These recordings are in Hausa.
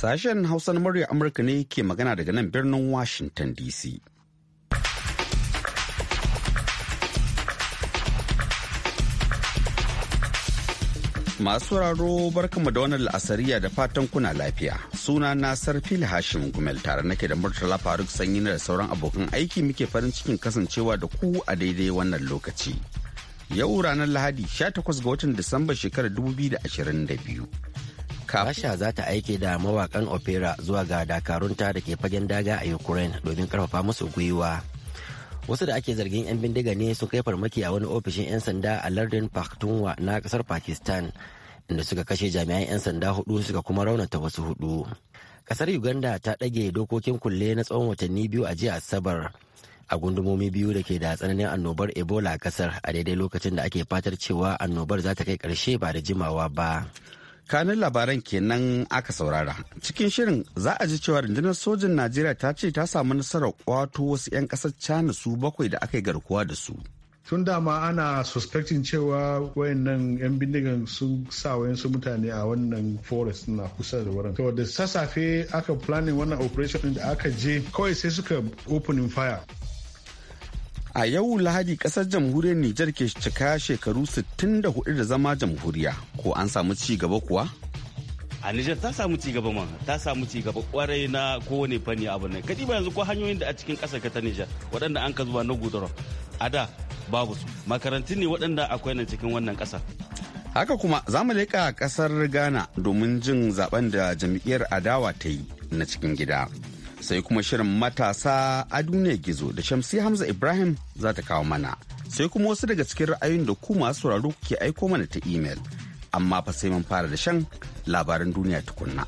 Sashen Hausa na murya Amurka ne ke magana daga nan birnin Washington DC. Masu raro "Barkamu da wannan la'asariya da fatan kuna lafiya. Suna na sarfi Hashim Gumel tare nake da Murtala Faruk Sanyi da sauran abokan aiki muke farin cikin kasancewa da ku a daidai wannan lokaci. Yau ranar Lahadi 18 ga watan Disamba shekarar 2022. Rasha za ta aike da mawakan opera zuwa ga dakarunta da ke fagen daga a Ukraine domin karfafa musu gwiwa. Wasu da ake zargin 'yan bindiga ne sun kai farmaki a wani ofishin 'yan sanda a lardin Pakhtunwa na kasar Pakistan inda suka kashe jami'an 'yan sanda hudu suka kuma raunata wasu hudu. Kasar Uganda ta ɗage dokokin kulle na tsawon watanni biyu a jiya Asabar. a gundumomi biyu da ke da tsananin annobar ebola a kasar a daidai lokacin da ake fatar cewa annobar za ta kai karshe ba da jimawa ba kanin labaran kenan aka saurara cikin shirin za a ji cewa rundunar sojin najeriya ta ce ta samu nasarar kwato wasu 'yan kasar china su bakwai da aka yi garkuwa da su tun dama ana suspecting cewa wayannan 'yan bindigan sun sa wayansu mutane a wannan forest na kusa da wurin to da sassafe aka planning wannan operation da aka je kawai sai suka opening fire A yau Lahadi kasar jamhuriyar Nijar ke cika shekaru 64 da zama jamhuriya. Ko an samu ci gaba kuwa? A Nijar ta samu ci gaba ma, ta samu ci gaba kwarai na kowane fanni abu nan. Kadi ba yanzu ko hanyoyin da a cikin kasar ta Nijar waɗanda an ka zuwa na gudura. A da babu su, makarantun ne waɗanda akwai nan cikin wannan ƙasa. Haka kuma za mu leƙa ƙasar Ghana domin jin zaben da jam'iyyar adawa ta yi na cikin gida. sai kuma shirin matasa a duniya gizo da shamsi hamza ibrahim za ta kawo mana sai kuma wasu daga cikin ra'ayoyin da ku masu sauraro ke aiko mana ta imel amma fa sai mun fara da shan labaran duniya tukunna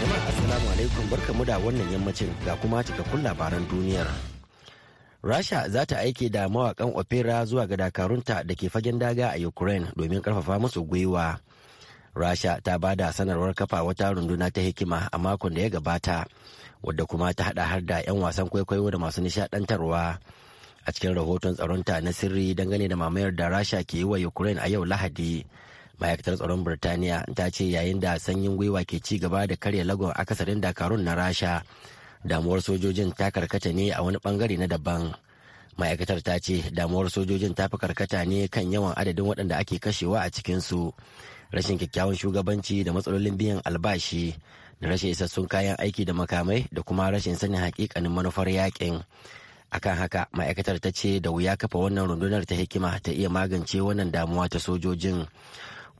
jama'a assalamu alaikum barkamu da wannan yammacin ga kuma cikakkun labaran duniyar Rasha za ta aike da mawakan opera zuwa ga dakarunta da ke fagen daga a Ukraine domin karfafa musu gwiwa. Rasha ta ba da sanarwar kafa wata runduna ta hikima a makon da ya gabata, wadda kuma ta hada har da 'yan wasan kwaikwayo da masu nishadantarwa. A cikin rahoton tsaronta na sirri dangane da mamayar da Rasha ke yi wa Ukraine a yau Lahadi. Ma'aikatar tsaron Birtaniya ta ce yayin da sanyin gwiwa ke ci gaba da karya lagon akasarin dakarun na Rasha. damuwar sojojin ta karkata ne a wani bangare na daban ma'aikatar ta ce damuwar sojojin ta fi karkata ne kan yawan adadin waɗanda ake kashewa a cikinsu rashin kyakkyawan shugabanci da matsalolin biyan albashi da rashin isassun kayan aiki da makamai da kuma rashin sanin hakikanin manufar yakin akan haka ma'aikatar ta ce da wuya kafa wannan rundunar ta hikima ta iya magance wannan damuwa ta sojojin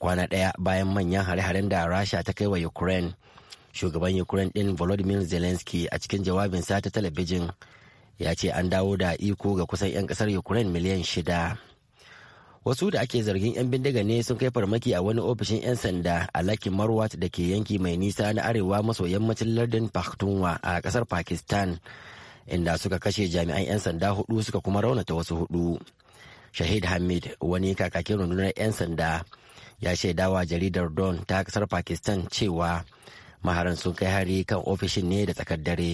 kwana ɗaya bayan manyan hare-haren da rasha ta kai wa ukraine shugaban ukraine din volodymyr zelensky a cikin jawabinsa ta talabijin ya ce an dawo da iko ga kusan 'yan kasar ukraine miliyan shida wasu da ake zargin 'yan bindiga ne sun kai farmaki a wani ofishin 'yan sanda a laki marwat da ke yanki mai nisa na arewa maso yammacin lardin pakhtunwa a kasar pakistan inda suka kashe jami'an 'yan sanda hudu suka kuma raunata wasu hudu shahid hamid wani kakakin rundunar 'yan sanda ya shaidawa jaridar don ta kasar pakistan cewa maharan sun kai hari kan ofishin ne da tsakar dare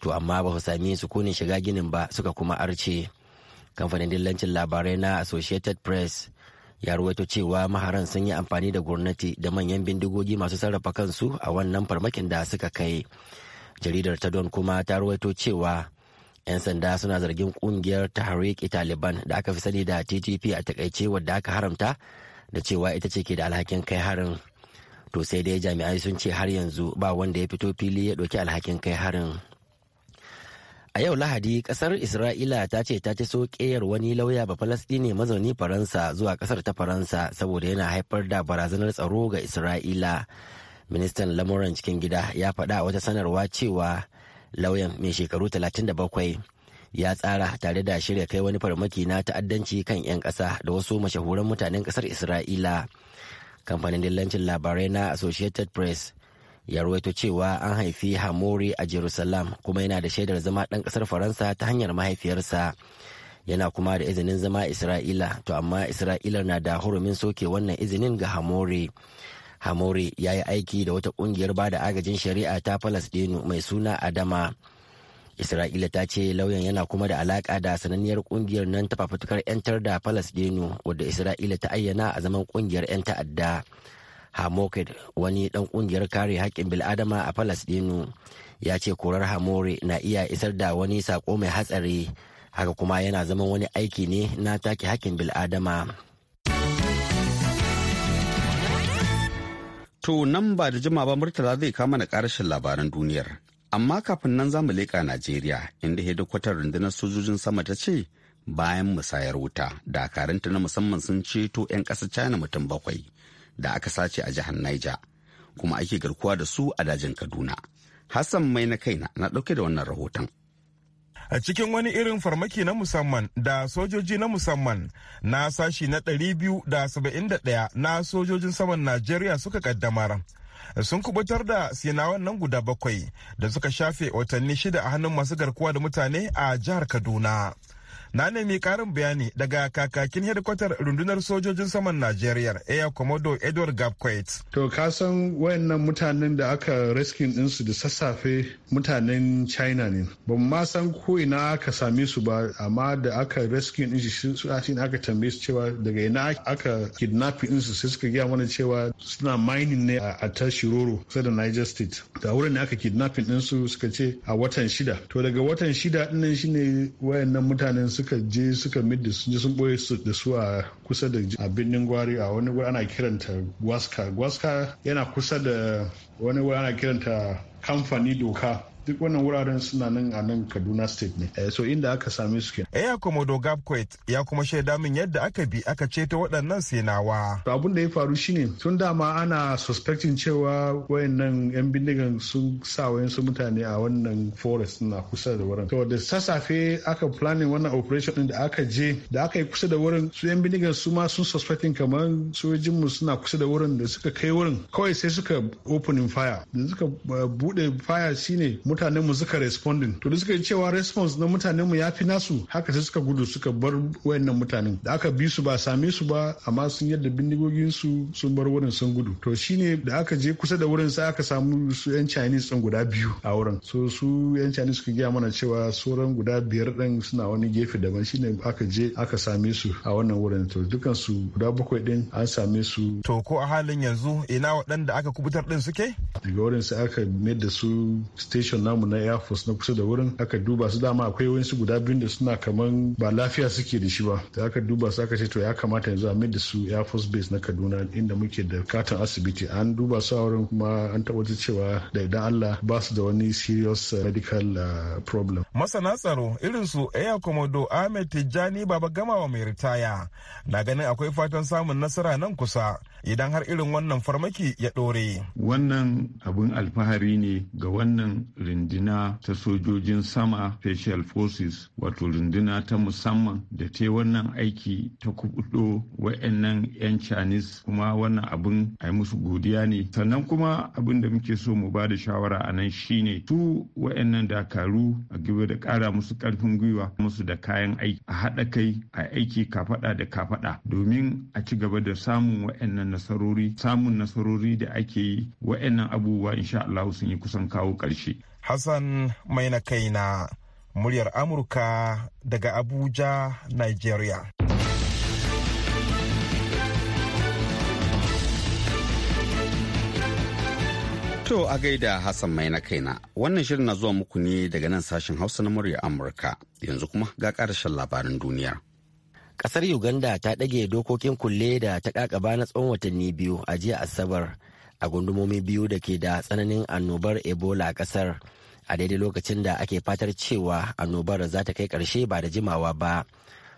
to amma ba su sami sukunin shiga ginin ba suka kuma arce kamfanin dillancin labarai na associated press ya ruwaito cewa maharan sun yi amfani da gwamnati da manyan bindigogi masu sarrafa kansu a wannan farmakin da suka kai jaridar ta don kuma ta ruwaito cewa 'yan sanda suna zargin kungiyar tahariki taliban da aka fi sani da ttp a takaice wadda aka haramta da cewa ita ce ke da alhakin kai harin to sai dai jami'ai sun ce har yanzu ba wanda ya fito fili ya ɗauki alhakin kai harin a yau lahadi kasar isra'ila ta ce ta ci so wani lauya ba falastine mazauni faransa zuwa kasar ta faransa saboda yana haifar da barazanar tsaro ga isra'ila ministan lamuran cikin gida ya faɗa wata sanarwa cewa lauyan mai shekaru 37 ya tsara tare da shirya kai wani farmaki na ta'addanci kan 'yan ƙasa da wasu mashahuran mutanen kasar isra'ila kamfanin dillancin labarai na associated press ya ruwaito cewa an haifi hamori a jerusalem kuma yana da shaidar zama ɗan ƙasar faransa ta hanyar mahaifiyarsa yana kuma da izinin zama isra'ila to amma isra'ilar na da hurumin soke wannan izinin ga hamori hamori ya yi aiki da wata ƙungiyar ba da agajin shari'a ta falasɗinu mai suna adama Isra'ila ta ce lauyan yana kuma da alaka da sananniyar ƙungiyar nan ta fafutukar 'yantar da Falasdino wadda Isra'ila ta ayyana a zaman kungiyar 'yan ta'adda. Hamoked wani ɗan ƙungiyar kare haƙƙin bil'adama a Falasdino ya ce korar Hamore na iya isar da wani sako mai hatsari haka kuma yana zaman wani aiki ne na take haƙƙin bil'adama. To nan ba da jima ba Murtala zai kama na ƙarashin labaran duniyar. amma kafin nan za mu leƙa najeriya inda hedikwatar rundunar sojojin sama ta ce bayan musayar wuta dakarunta na musamman sun ceto 'yan ƙasar china mutum bakwai da aka sace a jihar niger kuma ake garkuwa da su a dajin kaduna hassan mai na kaina na ɗauke da wannan rahoton a cikin wani irin farmaki na musamman da sojoji na musamman na sashi na 271 na sojojin saman najeriya suka ƙaddamar. sun kubutar da sinawan nan guda bakwai da suka shafe watanni shida a hannun masu garkuwa da mutane a jihar kaduna Na nemi karin bayani daga kakakin hedkwatar rundunar sojojin saman Najeriya Air Commodore Edward Gapquet. To kasan wayannan mutanen da aka rescue ɗinsu da sassafe mutanen China ne. bamu ma san ko ina aka same su ba amma da aka rescue ɗin su aka tambaye su cewa daga ina aka kidnap ɗinsu sai suka gaya mana cewa suna mining ne a Tashiroro kusa da Niger State. Da wurin ne aka kidnap ɗinsu suka ce a watan shida. To daga watan shida ɗinnan shine wayannan mutanen suka suka je suka midda sun je sun boye da su a kusa da a birnin gwari a wani wuri ana kiranta gwaska gwaska yana kusa da wani wuri ana kiranta kamfani doka duk wannan wuraren suna nan a nan kaduna state ne eh, so inda aka same su kenan eya eh, komodo gabquet ya kuma shaida min yadda aka bi aka ceto waɗannan senawa to abin da ya faru shine tun dama ana suspecting cewa wayannan yan bindigan sun sa wayansu mutane a wannan forest na kusa da wurin to da sassafe aka planning wannan operation din da aka je da aka yi kusa da wurin su yan bindigan su ma sun suspecting kamar sojojin mu suna kusa da wurin da suka kai wurin kawai sai suka opening fire da suka eh, bude fire shine mutanen mu suka responding to da suka yi cewa response na mutanen mu ya fi nasu haka sai suka gudu suka bar wayannan mutanen da aka bi su ba same su ba amma sun yadda bindigogin su sun bar wurin sun gudu to shine da aka je kusa da wurin sai aka samu su yan Chinese din guda biyu a wurin so su yan Chinese suka gaya mana cewa sauran guda biyar din suna wani gefe daban shine aka je aka same su a wannan wurin to dukan su guda bakwai din an same su to ko a halin yanzu ina waɗanda aka kubutar din suke daga wurin sai aka mayar da su station namu na air force na kusa da wurin aka duba su dama akwai wayansu guda biyu da suna kaman ba lafiya suke da shi ba da aka duba su aka ce to ya kamata yanzu a mai da su air force base na kaduna inda muke da katon asibiti an duba su a wurin kuma an tabbatar cewa da idan allah ba su da wani serious uh, medical uh, problem masana tsaro irin su air komodo ahmed tijjani baba gamawa mai ritaya na ganin akwai fatan samun nasara nan kusa idan har irin wannan farmaki ya ɗore wannan abun alfahari ne ga wannan rindina ta sojojin sama special forces wato rindina ta musamman da ta wannan aiki ta kubudo wa'annan 'yan chinese kuma wannan abin a yi musu godiya ne sannan kuma abin da muke so mu ba da shawara a nan shine su wa'annan dakaru a gaba da ƙara musu ƙarfin gwiwa musu da kayan aiki a haɗa kai a aiki kafaɗa da kafaɗa domin a ci gaba da samun wa'annan nasarori samun nasarori da ake yi wa'annan abubuwa insha Allah sun yi kusan kawo ƙarshe Hassan mai na kaina muryar Amurka daga Abuja, Nigeria. To a gaida Hassan mai na kaina wannan shirin na zuwa muku ne daga nan sashen Hausa na muryar Amurka yanzu kuma ga ƙarashen labarin duniya. Ƙasar Uganda ta ɗage dokokin kulle da ta ƙaƙaba na tsawon watanni biyu a jiya Asabar. a gundumomi biyu da ke da tsananin annobar ebola a kasar a daidai lokacin da ake fatar cewa annobar za ta kai karshe ba da jimawa ba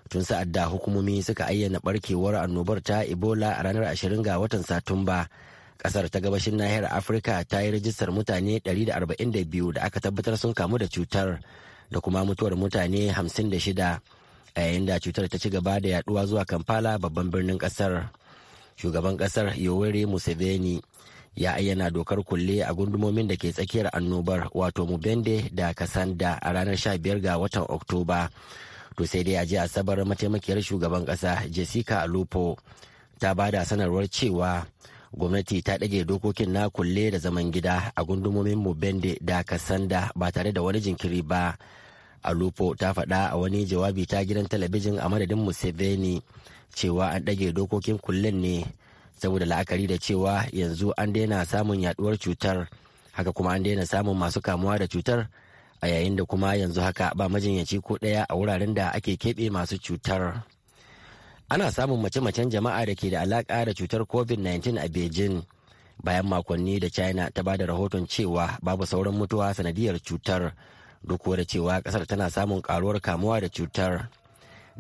tun sa'ad da hukumomi suka ayyana barkewar annobar ta ebola a ranar 20 ga watan satumba kasar ta gabashin nahiyar afirka ta yi rijistar mutane 142 da aka tabbatar sun kamu da cutar da kuma mutuwar mutane 56 a yayin da cutar ta ci gaba da yaduwa zuwa kampala babban birnin kasar. shugaban kasar yoweri museveni ya ayyana dokar kulle a gundumomin da ke tsakiyar annobar wato mubende da kasanda a ranar 15 ga watan oktoba to sai dai a ji asabar mataimakiyar shugaban kasa jessica alupo ta ba da sanarwar cewa gwamnati ta ɗage dokokin na kulle da zaman gida a gundumomin mubende da kasanda ba tare da wani jinkiri ba alupo ta faɗa a wani jawabi ta gidan talabijin a madadin museveni cewa an ɗage dokokin kullum ne saboda la'akari da cewa yanzu an daina samun yaduwar cutar haka kuma an daina samun masu kamuwa da cutar a yayin da kuma yanzu haka ba majinyaci ko ɗaya a wuraren da ake keɓe masu cutar ana samun mace-macen jama'a da ke da alaƙa da cutar covid-19 a beijing bayan makonni da china ta ba da rahoton cewa babu sauran mutuwa sanadiyar cutar duk da cewa ƙasar tana samun karuwar kamuwa da cutar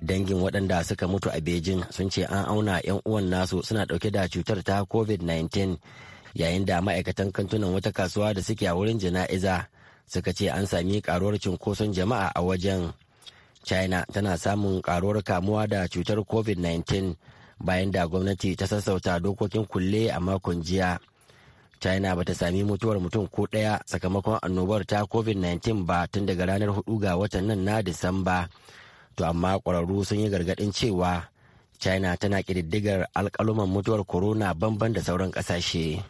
dangin waɗanda suka mutu a beijing sun ce an auna 'yan uwan nasu suna ɗauke da cutar ta covid-19 yayin da ma'aikatan kantunan wata kasuwa da suke a wurin jana'iza suka ce an sami karuwar cunkoson jama'a a wajen china tana samun karuwar kamuwa da cutar covid-19 bayan da gwamnati ta sassauta dokokin kulle a makon jiya. china bata sami mutuwar mutum ko ɗaya sakamakon annobar ta covid-19 ba tun daga ranar 4 ga watan nan na disamba to amma ƙwararru sun yi gargaɗin cewa china tana ƙididdigar alƙaluman mutuwar corona banban da sauran ƙasashe.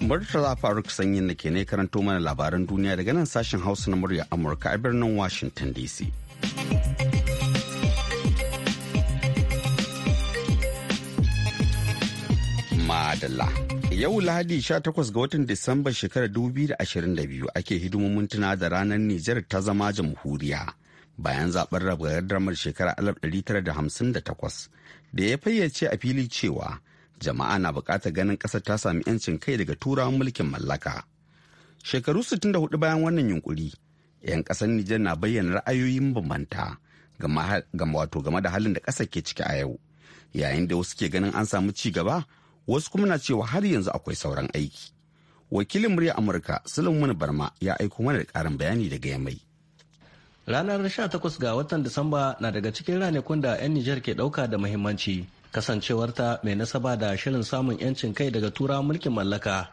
Murtala Faruk Sanyin da ke ne karanto mana labaran duniya daga nan sashen Hausa na murya Amurka a birnin Washington DC. Madalla. Yau Lahadi 18 ga watan Disamba shekarar 2022 ake hidimomin tuna da ranar Nijar ta zama jamhuriya bayan zaben rabar shekarar 1958 da ya fayyace a fili cewa jama'a na bukatar ganin ƙasar ta sami 'yancin kai daga turawan mulkin mallaka. Shekaru 64 bayan wannan yunkuri, 'yan ƙasar Nijar na bayyana ra'ayoyin bambanta game da halin da ƙasar ke ciki a yau. Yayin da wasu ke ganin an samu ci gaba, wasu kuma na cewa har yanzu akwai sauran aiki wakilin murya amurka sulaiman barma ya aiko mana da karin bayani daga yamai ranar 18 ga watan disamba na daga cikin ranakun da 'yan nijar ke dauka da muhimmanci kasancewarta mai nasaba da shirin samun 'yancin kai daga tura mulkin mallaka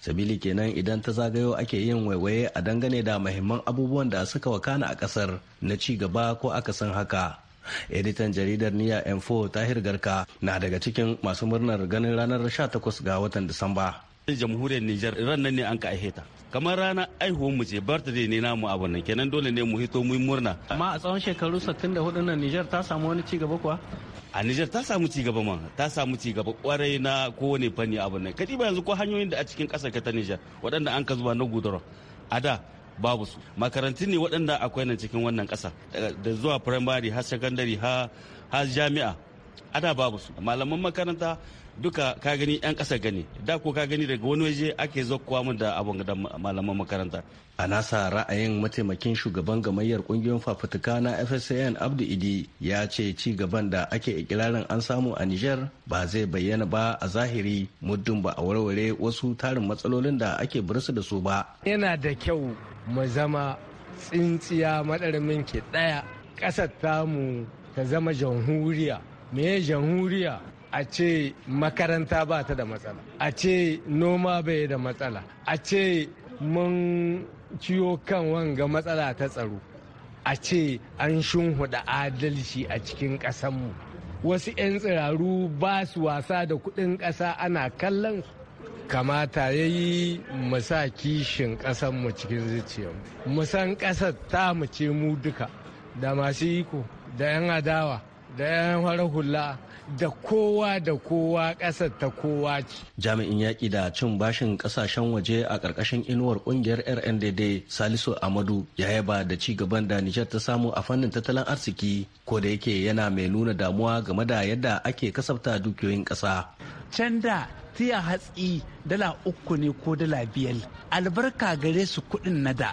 sabili kenan idan ta zagayo ake yin waiwaye a dangane da mahimman abubuwan da suka wakana a kasar na ci gaba ko akasin haka editan jaridar niya m4 tahir garka na daga cikin masu murnar ganin ranar 18 ga watan disamba jamhuriyar niger ran nan ne an ka aiheta kamar rana aihuwan mu ce birthday ne namu abun nan kenan dole ne mu hito mu murna amma a tsawon shekaru 64 nan niger ta samu wani ci gaba kuwa a niger ta samu ci gaba ma ta samu ci gaba kwarai na kowane fanni abu nan kadi ba yanzu ko hanyoyin da a cikin kasar ta niger waɗanda an ka zuwa na gudura a da babu su makarantun ne waɗanda akwai nan cikin wannan ƙasa da zuwa firamare har sakandare har jami'a ana babu su malaman makaranta duka ka gani yan ƙasa gani da ko ka gani daga wani waje ake zakkuwa mu da abun da malaman makaranta a nasa ra'ayin mataimakin shugaban gamayyar kungiyoyin fafutuka na fsn abdu idi ya ce ci gaban da ake ikirarin an samu a niger ba zai bayyana ba a zahiri muddin ba a warware wasu tarin matsalolin da ake bursu da su ba yana da kyau mu zama tsintsiya madarmin ke ɗaya ƙasar tamu ta zama jamhuriya me jamhuriya a ce makaranta ba ta da matsala a ce noma bai da matsala a ce mun ciyo kan wanga matsala ta tsaro a ce an shunhuda adalci a cikin ƙasanmu wasu 'yan tsiraru ba su wasa da kuɗin ƙasa ana kallon kamata ya yi sa kishin ƙasanmu cikin zuciyarmu musan ƙasar ta mu ce mu duka da masu iko da 'yan adawa da yan hula da kowa da kowa ƙasar ta kowa ce. Jami'in yaƙi da cin bashin ƙasashen waje a ƙarƙashin inuwar ƙungiyar RNDD Salisu Amadu ya yaba da ci gaban da Nijar ta samu a fannin tattalin arziki ko da yake yana mai nuna damuwa game da yadda ake kasafta dukiyoyin ƙasa. Can da tiya hatsi dala uku ne ko dala biyar albarka gare su kuɗin na da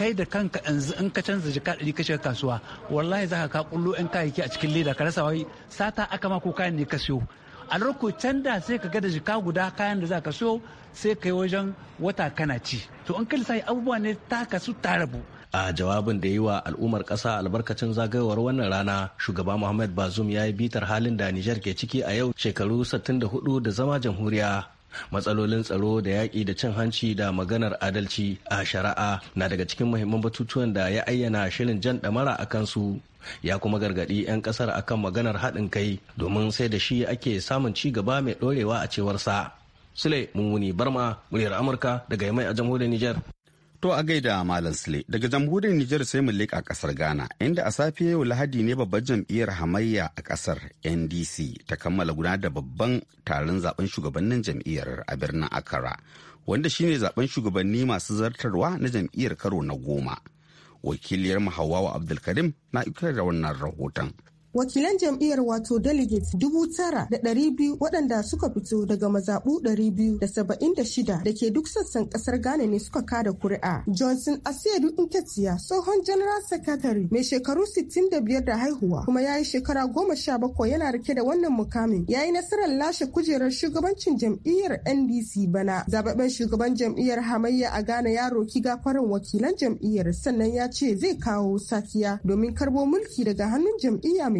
kai da kanka in ka canza jika ɗari ka shiga kasuwa wallahi za ka kullo in kayayyaki a cikin leda ka rasa wai sata aka ma ko kayan ne ka siyo a lokacin canda sai ka ga da jika guda kayan da za ka siyo sai ka yi wajen wata kana ci to in ka lissafi abubuwa ne ta kasu ta rabu a jawabin da yi wa al'ummar kasa albarkacin zagayowar wannan rana shugaba muhammad bazum ya yi bitar halin da nijar ke ciki a yau shekaru 64 da zama jamhuriya matsalolin tsaro da yaƙi da cin hanci da maganar adalci a shari'a na daga cikin muhimman batutuwan da ya ayyana shirin jan ɗamara a kansu ya kuma gargaɗi 'yan ƙasar akan maganar haɗin kai domin sai da shi ake samun ci gaba mai ɗorewa a cewarsa sule mummuni barma muryar amurka daga yamai a jamhuriyar niger To a gaida Malam Sule daga jamhuriyar Nijar sai mu leƙa ƙasar Ghana inda a safe yau Lahadi ne babbar jam'iyyar hamayya a ƙasar NDC ta kammala gudanar da babban taron zaben shugabannin jam'iyyar a birnin Accra wanda shine zaben shugabanni masu zartarwa na jam'iyyar karo na goma. Wakiliyar Hawwa Abdulkarim na ikirar da wannan rahoton. wakilan jam'iyyar wato delegates dubu tara da ɗari biyu waɗanda suka fito daga mazaɓu ɗari biyu da saba'in da shida da ke duk sassan ƙasar ghana ne suka kada kuri'a johnson asiedu inkatiya tsohon general secretary mai shekaru sittin da biyar da haihuwa kuma ya yi shekara goma sha bakwai yana rike da wannan mukamin ya yi nasarar lashe kujerar shugabancin jam'iyyar ndc bana zababben shugaban jam'iyyar hamayya a ghana ya roki gafarin wakilan jam'iyyar sannan ya ce zai kawo safiya, domin karbo mulki daga hannun jam'iyya mai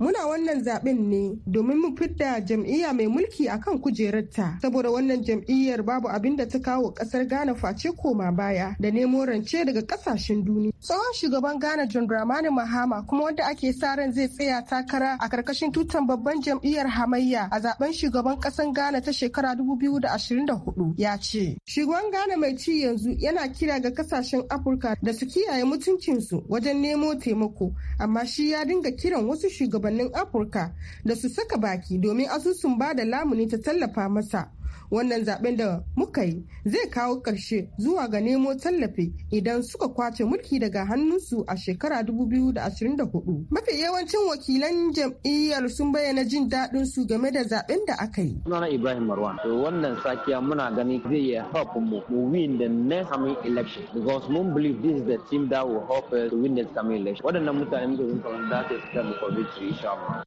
muna wannan zaben ne domin mu fidda jam'iyya mai mulki a kan kujerarta saboda wannan jam'iyyar babu abin da ta kawo ƙasar Ghana face koma baya da nemo rance daga ƙasashen duniya tsohon shugaban Ghana John Dramani Mahama kuma wanda ake sa ran zai tsaya takara a karkashin tutan babban jam'iyyar hamayya a zaben shugaban kasan Ghana ta shekara 2024 ya ce shugaban Ghana mai ci yanzu yana kira ga ƙasashen Afirka da su kiyaye mutuncinsu wajen nemo taimako amma shi ya dinga kiran wasu shugaban shugabannin Afirka da su saka baki domin asusun ba da lamuni ta tallafa masa wannan zaben da muka yi zai kawo ƙarshe zuwa ga nemo tallafi idan suka kwace mulki daga hannunsu a shekara 2024 mafi yawancin wakilan jam'iyyar sun bayyana jin daɗin su game da zaben da aka yi sunana ibrahim marwan to wannan sakiya muna gani zai iya help mu mu win the next coming election because mun believe this is the team that will help us to win the coming election waɗannan mutane muke sun da su fitar da covid insha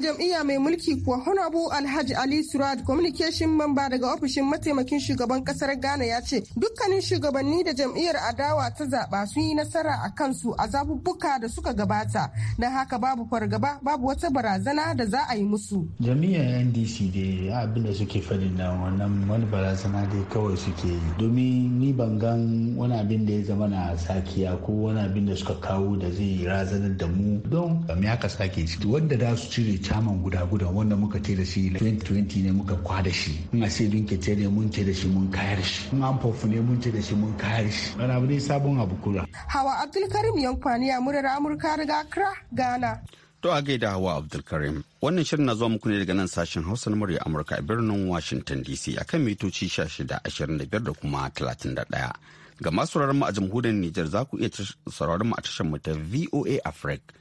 jam'iyya mai mulki kuwa honorable alhaji ali surad communication mamba daga ofishin mataimakin shugaban kasar ghana ya ce dukkanin shugabanni da jam'iyyar adawa ta zaba sun yi nasara a kansu a zabubbuka da suka gabata don haka babu fargaba babu wata barazana da za a yi musu jam'iyyar ndc da abin da suke fadi na wannan wani barazana dai kawai suke yi domin ni ban gan wani abin da ya zama na sakiya ko wani abin da suka kawo da zai razanar da mu don me aka sake wanda da su cire caman guda guda wanda muka ce da shi 2020 ne muka kwada shi in a ce dunke ce ne mun ce da shi mun kayar shi in an fofu ne mun ce da shi mun kayar shi wani abu ne sabon abu kura. Hawa Abdulkarim kwani a murar Amurka daga Accra, Ghana. To a gaida Hawa Abdulkarim. Wannan shirin na zuwa muku ne daga nan sashen Hausa na murya Amurka a birnin Washington DC akan mitoci shida ashirin da kuma 31. Ga masu mu a jamhuriyar Nijar za ku iya sauraron mu a tashar mu ta VOA Africa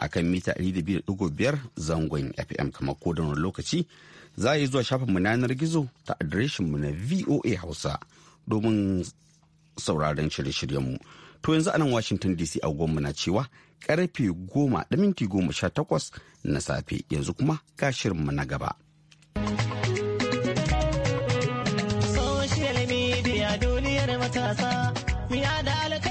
akan mita 200.5 zangon FM kamar ko lokaci za a yi zuwa shafin na yanar gizo ta mu na VOA Hausa domin sauraron shirye-shiryenmu. To yanzu anan Washington DC agogonmu na cewa karfe goma da minti goma sha takwas na safe yanzu kuma ga mu na gaba. Social media duniyar matasa, da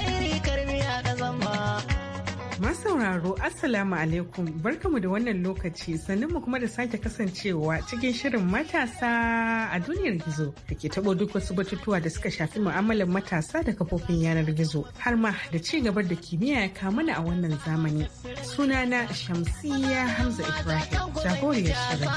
sauraro Assalamu alaikum barkamu da wannan lokaci sannan mu kuma da sake kasancewa cikin shirin matasa a duniyar gizo da ke tabo duk wasu batutuwa da suka shafi mu'amalar matasa da kafofin yanar gizo har ma da ci gabar da kimiyya ya mana a wannan zamani. Sunana Shamsiyya Hamza Ibrahim jagoriyar shirin.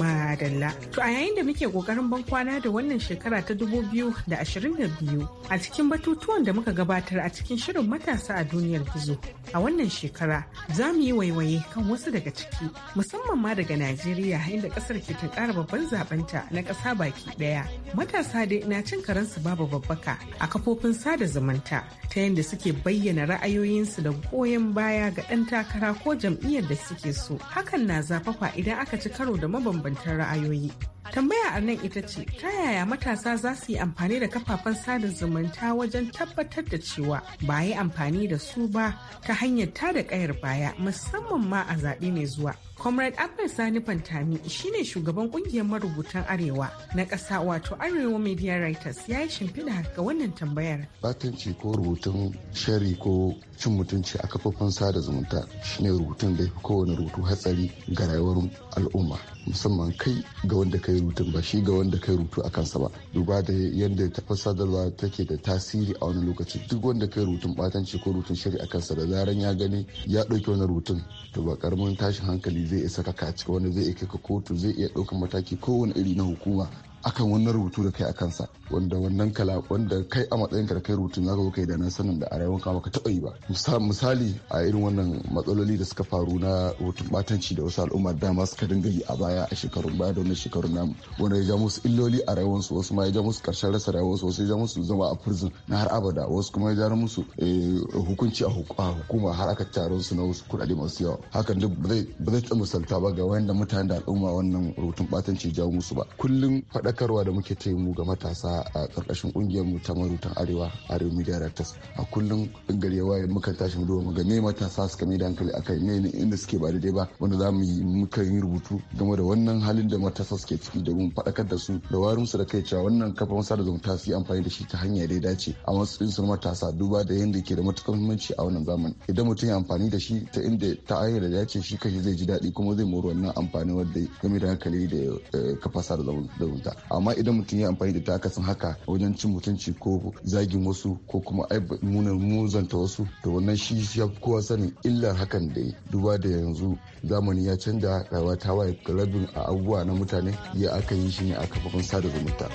Madalla. To a yayin da muke kokarin ban kwana da wannan shekara ta 2022 a cikin batutuwan da muka gabatar a cikin shirin matasa a duniyar gizo. A wannan shekara za mu yi waiwaye kan wasu daga ciki musamman ma daga Najeriya inda kasar ke ta kara babban zabenta na ƙasa baki ɗaya. Matasa dai na cin karansu babu babbaka a kafofin sada zumunta ta yadda suke bayyana ra'ayoyinsu da goyon baya ga ɗan takara ko jam'iyyar da suke so. Hakan na zafafa idan aka ci karo da mabambanta mabambantan ra'ayoyi. Tambaya a nan ita ce, ta yaya matasa za su yi amfani da kafafen sada zumunta wajen tabbatar da cewa ba yi amfani da su ba ta hanyar tada kayar baya musamman ma a zaɓe mai zuwa. Comrade Abba Sani Fantami ne shugaban kungiyar marubutan Arewa na ƙasa wato Arewa Media Writers ya yi shimfiɗa ga wannan tambayar. Batanci ko rubutun shari ko cin mutunci a kafafen sada zumunta shine rubutun da fi kowane rubutu hatsari ga rayuwar al'umma musamman kai ga wanda kai rubutun ba shi ga wanda kai rubutu a kansa ba duba da yadda tafi sadarwa take da tasiri a wani lokaci duk wanda kai rubutun batanci ko rubutun shari a kansa da zaran ya gani ya ɗauki wani rubutun to ba karamin tashin hankali zai isa saka a cikin wani zai iya kai ka kotu zai iya ɗaukar mataki kowane iri na hukuma akan wannan rubutu da kai a kansa wanda wannan kala wanda kai a matsayin ka da kai rubutun zaka zo kai da nan sanin da a rayuwar ka baka taɓa yi ba misali a irin wannan matsaloli da suka faru na rubutun batanci da wasu al'umma dama suka dinga yi a baya a shekarun baya da wannan shekarun namu wanda ya ja musu illoli a rayuwar su wasu ma ya ja musu karshen rasa rayuwar su wasu ya ja musu zama a prison na har abada wasu kuma ya ja musu eh, hukunci a hukuma har aka taron su na wasu kuɗaɗe masu yawa hakan duk ba zai taɓa misalta ba ga wanda mutanen da al'umma wannan rubutun batanci ya ja musu ba kullum faɗa faɗakarwa da muke ta mu ga matasa a ƙarƙashin ƙungiyar mu ta marutan arewa arewa media directors a kullum gari ya waye mukan tashi mu duba ga me matasa suka mai da hankali akai me inda suke ba daidai ba wanda za mu yi muka yi rubutu game da wannan halin da matasa suke ciki da mun faɗakar da su da warin su da kai cewa wannan kafan sada zumunta su yi amfani da shi ta hanya da ya dace a matsayin su matasa duba da yadda ke da matuƙar muhimmanci a wannan zamani idan mutum ya amfani da shi ta inda ta hanyar da dace shi kashi zai ji daɗi kuma zai mori wannan amfani wanda game da hankali da eh, kafa sada zumunta amma idan mutum ya amfani da takasin haka wajen cin mutunci ko zagin wasu ko kuma munar muzanta wasu to wannan shi ya kowa sanin illar hakan da duba da yanzu zamani ya canza rayuwa ta waye galabin a abubuwa na mutane ya aka yi shi ne a kafafin sada zumunta.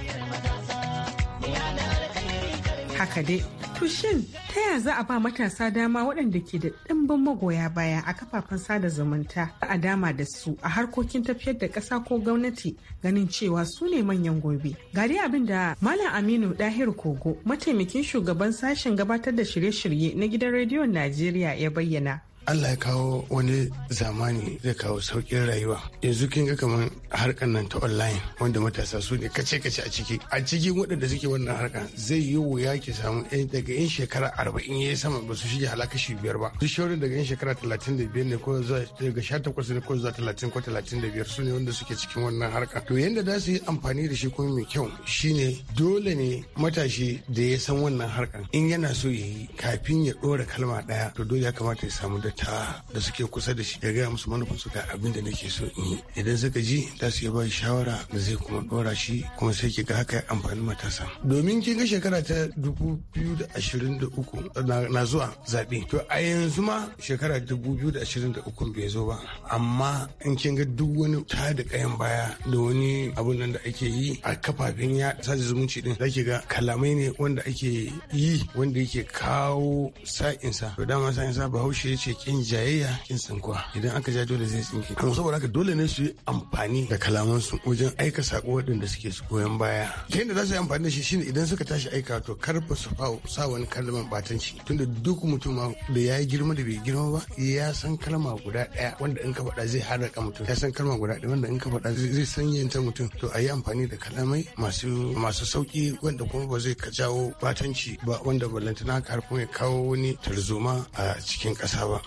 haka dai To shin ta yaya za a ba matasa dama waɗanda ke da ɗimbin magoya baya a kafafen sada zumunta a dama da su a harkokin tafiyar da ƙasa ko gwamnati ganin cewa su ne manyan gobe. Gari abin da Malam Aminu Dahir Kogo mataimakin shugaban sashen gabatar da shirye-shirye na gidan rediyon Najeriya ya bayyana. Allah ya kawo wani zamani zai kawo sauƙin rayuwa yanzu kin ga kamar harkar nan ta online wanda matasa su ne kace kace a ciki a ciki waɗanda suke wannan harka zai yi wuya ki samu ɗan daga yan shekara arba'in ya sama ba su shige halaka shi biyar ba su shawarar daga yan shekara talatin da biyar ne ko zuwa daga sha takwas ne ko zuwa talatin ko talatin da biyar su ne wanda suke cikin wannan harka to yanda za su yi amfani da shi kuma mai kyau shine dole ne matashi da ya san wannan harkar in yana so ya yi kafin ya ɗora kalma ɗaya to dole ya kamata ya samu da ma'aikata da suke kusa da shi ya gaya musu manufan su ga abin da nake so in yi idan suka ji za su ba ba shawara da zai kuma dora shi kuma sai ki ga haka amfani matasa domin kin ga shekara ta dubu biyu da ashirin da uku na zuwa zaɓe to a yanzu ma shekara dubu biyu da ashirin da uku bai zo ba amma in kin ga duk wani ta da kayan baya da wani abun nan da ake yi a kafafen ya sada zumunci din zaki ga kalamai ne wanda ake yi wanda yake kawo sa'insa to dama sa'insa bahaushe ya ce kin jayayya kin sankuwa idan aka ja dole zai tsinke kuma saboda haka dole ne su yi amfani da kalamansu wajen aika sako waɗanda suke su goyon baya ta yadda za su yi amfani da shi shine idan suka tashi aika to ba su sa wani kalaman batanci tunda duk mutum da ya yi girma da bai girma ba ya san kalma guda ɗaya wanda in ka faɗa zai haraka mutum ya san kalma guda ɗaya wanda in ka faɗa zai sanyanta mutum to a yi amfani da kalamai masu masu sauki wanda kuma ba zai jawo batanci ba wanda ballantana ka har kuma ya kawo wani tarzoma a cikin ƙasa ba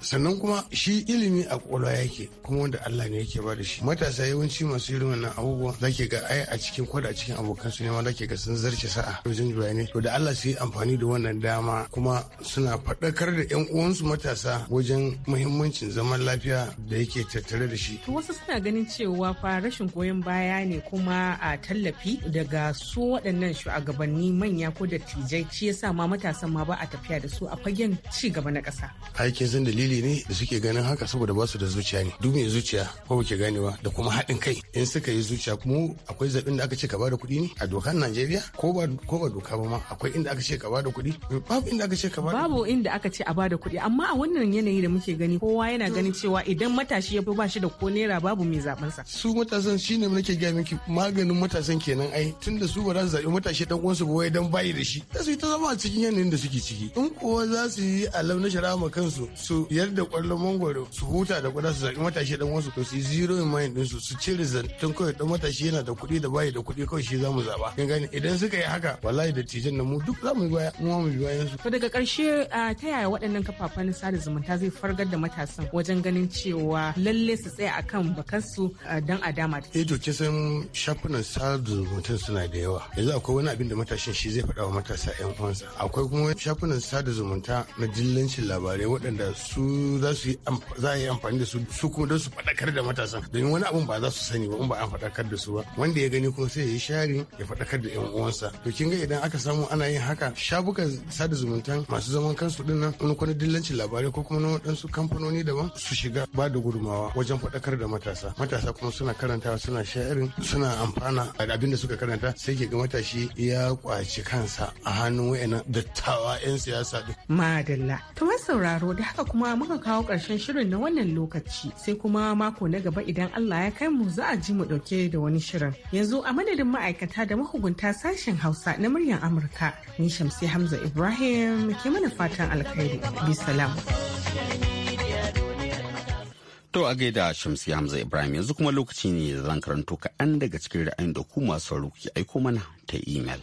sannan kuma shi ilimi a kwakwalwa yake kuma wanda Allah ne yake ba da shi matasa yawanci masu irin wannan abubuwan zake ga ai a cikin kwada a cikin abokan su ne ma zake ga sun zarce sa'a wajen bayanai to da Allah su yi amfani da wannan dama kuma suna faɗakar da yan uwansu matasa wajen muhimmancin zaman lafiya da yake tattare da shi to wasu suna ganin cewa fa rashin goyon baya ne kuma a tallafi daga su waɗannan shugabanni manya ko dattijai shi yasa ma matasan ma ba a tafiya da su a fagen ci gaba na ƙasa aikin san dalili dalili ne da suke ganin haka saboda ba su da zuciya ne duk mai zuciya ko ba ke ganewa da kuma haɗin kai in suka yi zuciya kuma akwai zaɓin da aka ce ka bada kuɗi ne a dokar Najeriya ko ba ko ba doka ba ma akwai inda aka ce ka bada kuɗi babu inda aka ce ka bada babu inda aka ce a bada kuɗi amma a wannan yanayi da muke gani kowa yana ganin cewa idan matashi ya ba shi da ko naira babu mai zaben sa su matasan shine nake ga miki maganin matasan kenan ai tunda su ba za su zaɓi matashi dan uwansu ba wai dan bayi da shi sai su yi ta zama a cikin yanayin da suke ciki in kowa za su yi alam na ma kansu su biyar da kwallon mangoro su huta da kuɗa su zaɓi matashi dan wasu to su yi zero in mind ɗinsu su cire tun kawai dan matashi yana da kuɗi da bayi da kuɗi kawai shi za mu zaɓa kin gani idan suka yi haka wallahi da tijan nan mu duk za mu yi baya mu mu yi bayan su. to daga ƙarshe ta yaya waɗannan kafafen sada zumunta zai fargar da matasan wajen ganin cewa lalle su tsaya akan bakansu dan a dama. eh to kisan shafunan sada zumunta suna da yawa yanzu akwai wani abin da matashin shi zai faɗa wa matasa ƴan uwansa akwai kuma shafunan sada zumunta na dillancin labarai waɗanda su za su yi amfani da su su kuma don su faɗakar da matasan domin wani abun ba za su sani ba in ba an faɗakar da su ba wanda ya gani kuma sai ya yi shari ya faɗakar da 'yan uwansa to kin ga idan aka samu ana yin haka shafukan sada zumunta masu zaman kansu din nan kuma kwana dillancin labarai ko kuma na waɗansu kamfanoni daban su shiga ba da gudumawa wajen faɗakar da matasa matasa kuma suna karanta suna sha'irin suna amfana da abin da suka karanta sai ke ga matashi ya kwaci kansa a hannun wayannan dattawa 'yan siyasa din. madalla Kamar sauraro da haka kuma muka kawo ƙarshen shirin na wannan lokaci sai kuma mako na gaba idan Allah ya kai mu za a ji mu ɗauke da wani shirin. Yanzu a madadin ma'aikata da mahugunta sashen Hausa na muryar Amurka ni Shamsi Hamza Ibrahim ke mana fatan alkhairi. Bi salam. To a gaida Shamsi Hamza Ibrahim yanzu kuma lokaci ne zan karanto kaɗan daga cikin ra'ayin da ku masu ruki aiko mana ta imel.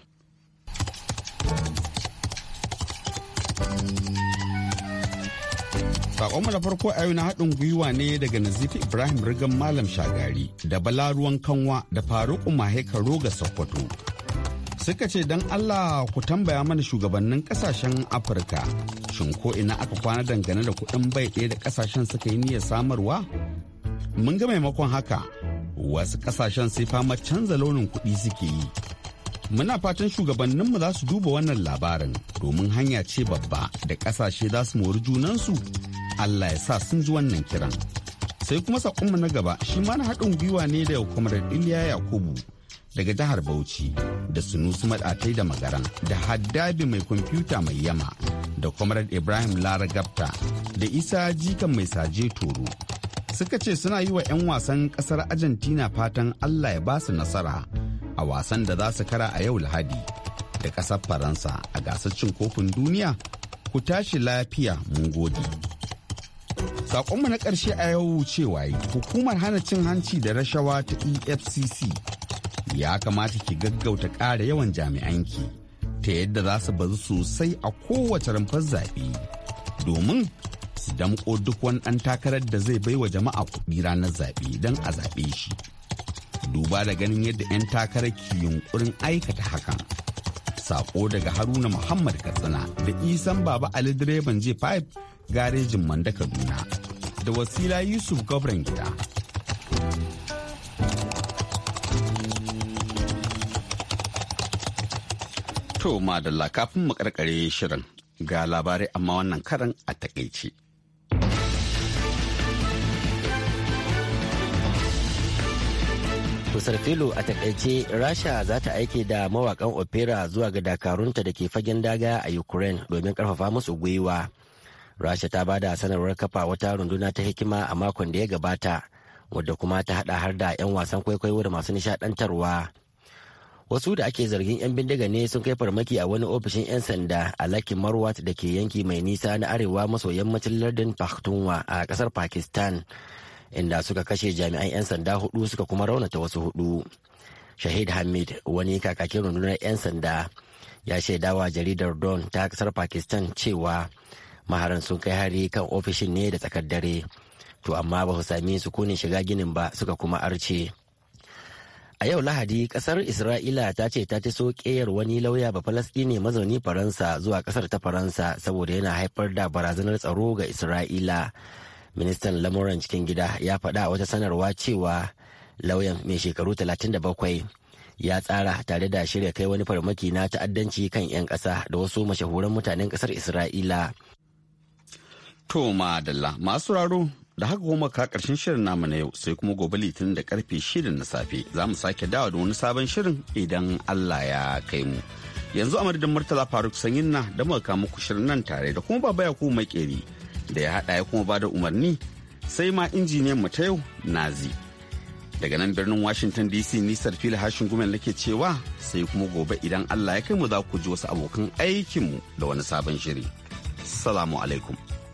mu da farko a na haɗin gwiwa ne daga Nazifi Ibrahim Rigan Malam Shagari da Bala Ruwan Kanwa da Faruku Maheka Roga Sokoto. Suka ce don Allah ku tambaya mana shugabannin kasashen Afirka shin ko ina aka kwana dangane da kuɗin bai ɗaya da kasashen suka yi niyyar samarwa? Mun ga maimakon haka wasu kasashen sai fama canza launin kuɗi suke yi. Muna fatan shugabanninmu za su duba wannan labarin domin hanya ce babba da kasashe za su mori junansu Allah ya sa sun ji wannan kiran. Sai kuma saƙonmu na gaba shi ma na haɗin gwiwa ne da kwamar Iliya Yakubu daga jihar Bauchi da Sunusu Maɗatai da Magaran da Haddabi mai kwamfuta mai yama da Comrade Ibrahim Lara Gabta da Isa Jikan mai saje toro. Suka ce suna yi wa 'yan wasan ƙasar Argentina fatan Allah ya ba su nasara a wasan da za su kara a yau Lahadi da ƙasar Faransa a gasar cin kofin duniya ku tashi lafiya mun gode. Sakonmu na ƙarshe a yau cewa hukumar hana cin hanci da rashawa ta EFCC ya kamata ki gaggauta ƙara yawan jami'anki ta yadda za su bazu sosai a kowace rumfar zaɓe domin su damƙo duk wani ɗan takarar da zai baiwa jama'a kuɗi ranar zaɓe don a zaɓe shi. Duba da ganin yadda 'yan takarar ke yunƙurin aikata hakan. Sako daga Haruna Muhammad Katsina da Isan Baba Ali direban J5 garejin Manda Kaduna. da wasila yusuf gabran gida to madalla kafin mu karkare shirin ga labarai amma wannan karan a takaici Kusar filo a takaice Rasha za ta aike da mawakan opera zuwa ga dakarunta da ke fagen daga a Ukraine domin karfafa musu gwiwa. rasha ta bada sanarwar kafa wata runduna ta hikima a makon da ya gabata wadda kuma ta hada har da 'yan wasan kwaikwayo da masu nishadantarwa wasu da ake zargin 'yan bindiga ne sun kai farmaki a wani ofishin 'yan sanda a lakin marwat da ke yanki mai nisa na arewa maso yammacin lardin pakhtunwa a kasar pakistan inda suka kashe jami'an 'yan sanda hudu suka kuma raunata wasu hudu shahid hamid wani kakakin rundunar 'yan sanda ya shaidawa jaridar don ta kasar pakistan cewa maharan sun kai hari kan ofishin ne da tsakar dare to amma ba su sami sukunin shiga ginin ba suka kuma arce a yau lahadi kasar isra'ila ta ce ta so keyar wani lauya ba falastini mazauni faransa zuwa kasar ta faransa saboda yana haifar da barazanar tsaro ga isra'ila ministan lamuran cikin gida ya faɗa wata sanarwa cewa lauyan mai shekaru 37 ya tsara tare da shirya kai wani farmaki na ta'addanci kan 'yan ƙasa da wasu mashahuran mutanen ƙasar isra'ila To madalla masu raro da haka kuma ka karshen shirin namu na yau sai kuma gobe litinin da karfe shirin na safe za mu sake dawo da wani sabon shirin idan Allah ya kai mu. Yanzu a madadin Murtala Faruk Sanyin na da muka muku shirin nan tare da kuma baba Yakubu Makeri da ya haɗa ya kuma bada umarni sai ma injiniyan mu ta yau Nazi. Daga nan birnin Washington DC nisar fili hashin gumen nake cewa sai kuma gobe idan Allah ya kai mu za ku ji wasu abokan aikinmu da wani sabon shiri. Salamu alaikum.